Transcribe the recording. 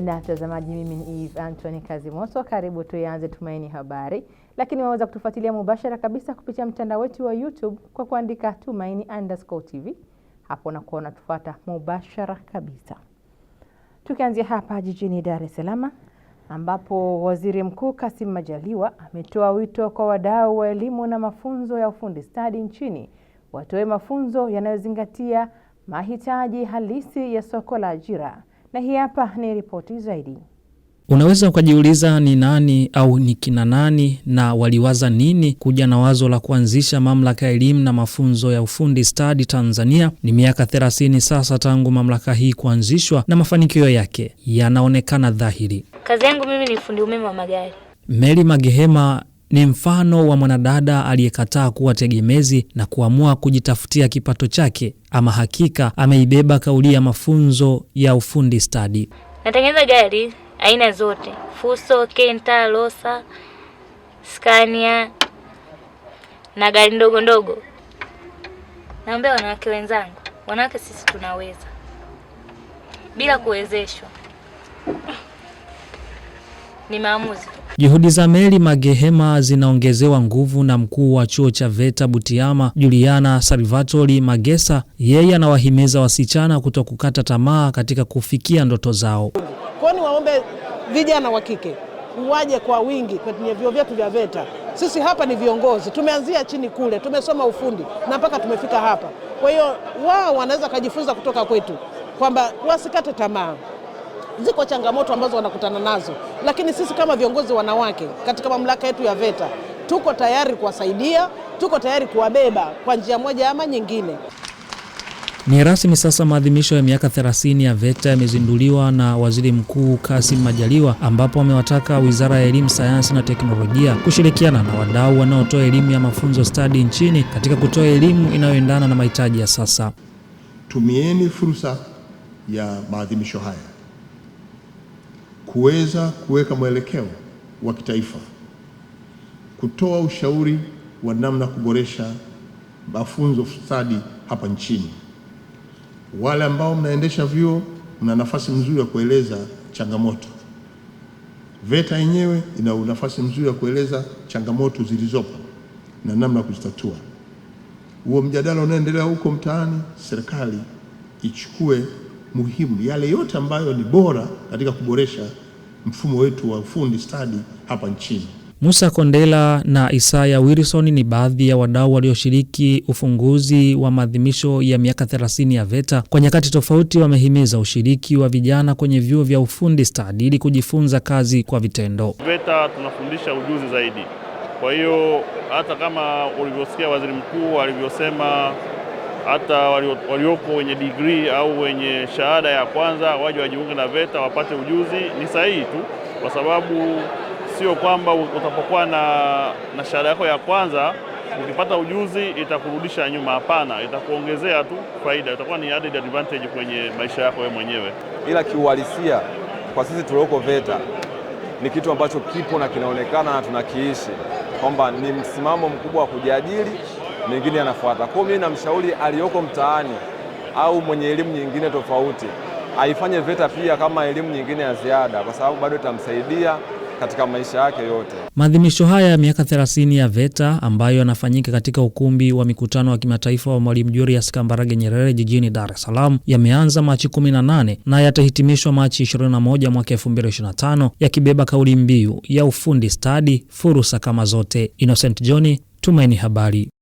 Na mtazamaji, mimi ni Eve Anthony Kazimoso, karibu tuanze Tumaini Habari, lakini waweza kutufuatilia mubashara kabisa kupitia mtandao wetu wa YouTube kwa kuandika Tumaini underscore TV. Hapo unakuwa unatufuata mubashara kabisa. Tukianzia hapa jijini Dar es Salaam ambapo Waziri Mkuu Kassim Majaliwa ametoa wito kwa wadau wa elimu na mafunzo ya ufundi stadi nchini watoe mafunzo yanayozingatia mahitaji halisi ya soko la ajira na hii hapa ni ripoti zaidi. Unaweza ukajiuliza ni nani au ni kina nani na waliwaza nini kuja na wazo la kuanzisha mamlaka ya elimu na mafunzo ya ufundi stadi Tanzania. Ni miaka 30 sasa tangu mamlaka hii kuanzishwa na mafanikio yake yanaonekana dhahiri. Kazi yangu mimi ni fundi umeme wa magari. Meli Magehema ni mfano wa mwanadada aliyekataa kuwa tegemezi na kuamua kujitafutia kipato chake. Ama hakika ameibeba kauli ya mafunzo ya ufundi stadi. Natengeneza gari aina zote, Fuso, Kenta, Losa, Scania na gari ndogo ndogo. Naombea wanawake wenzangu, wanawake sisi tunaweza bila kuwezeshwa. Ni maamuzi tu. Juhudi za Mary Magehema zinaongezewa nguvu na mkuu wa chuo cha VETA Butiama Juliana Salvatori Magesa. Yeye anawahimiza wasichana kutokukata tamaa katika kufikia ndoto zao. Kwani waombe vijana wa kike waje kwa wingi kwenye vyuo vyetu vya VETA. Sisi hapa ni viongozi, tumeanzia chini kule, tumesoma ufundi na mpaka tumefika hapa. Kwa hiyo wao wanaweza wakajifunza kutoka kwetu kwamba wasikate tamaa ziko changamoto ambazo wanakutana nazo, lakini sisi kama viongozi wanawake katika mamlaka yetu ya VETA tuko tayari kuwasaidia, tuko tayari kuwabeba kwa njia moja ama nyingine. Ni rasmi sasa, maadhimisho ya miaka 30 ya VETA yamezinduliwa na Waziri Mkuu Kassim Majaliwa, ambapo amewataka Wizara ya Elimu, Sayansi na Teknolojia kushirikiana na wadau wanaotoa elimu ya mafunzo stadi nchini katika kutoa elimu inayoendana na mahitaji ya sasa. Tumieni fursa ya maadhimisho haya kuweza kuweka mwelekeo wa kitaifa, kutoa ushauri wa namna kuboresha mafunzo stadi hapa nchini. Wale ambao mnaendesha vyuo, mna nafasi nzuri ya kueleza changamoto. VETA yenyewe ina nafasi nzuri ya kueleza changamoto zilizopo na namna kuzitatua. Huo mjadala unaendelea huko mtaani, serikali ichukue muhimu, yale yote ambayo ni bora katika kuboresha mfumo wetu wa ufundi stadi hapa nchini. Musa Kondela na Isaya Wilson ni baadhi ya wadau walioshiriki ufunguzi wa maadhimisho ya miaka 30 ya VETA. Kwa nyakati tofauti, wamehimiza ushiriki wa vijana kwenye vyuo vya ufundi stadi ili kujifunza kazi kwa vitendo. VETA tunafundisha ujuzi zaidi, kwa hiyo hata kama ulivyosikia waziri mkuu alivyosema hata walioko wenye degree au wenye shahada ya kwanza waje wajiunge na VETA wapate ujuzi. Ni sahihi tu, kwa sababu sio kwamba utapokuwa na, na shahada yako ya kwanza ukipata ujuzi itakurudisha nyuma. Hapana, itakuongezea tu faida, itakuwa ni added advantage kwenye maisha yako wewe mwenyewe. Ila kiuhalisia, kwa sisi tulioko VETA ni kitu ambacho kipo na kinaonekana na tunakiishi kwamba ni msimamo mkubwa wa kujiajiri mengine yanafuata. Kwa hiyo mimi namshauri aliyoko mtaani au mwenye elimu nyingine tofauti aifanye VETA pia kama elimu nyingine ya ziada, kwa sababu bado itamsaidia katika maisha yake yote. Maadhimisho haya ya miaka 30 ya VETA ambayo yanafanyika katika ukumbi wa mikutano wa kimataifa wa Mwalimu Julius Kambarage Nyerere jijini Dar es Salaam yameanza Machi 18 na yatahitimishwa Machi 21 mwaka 2025 yakibeba kauli mbiu ya ufundi stadi, fursa kama zote. Innocent John, Tumaini Habari.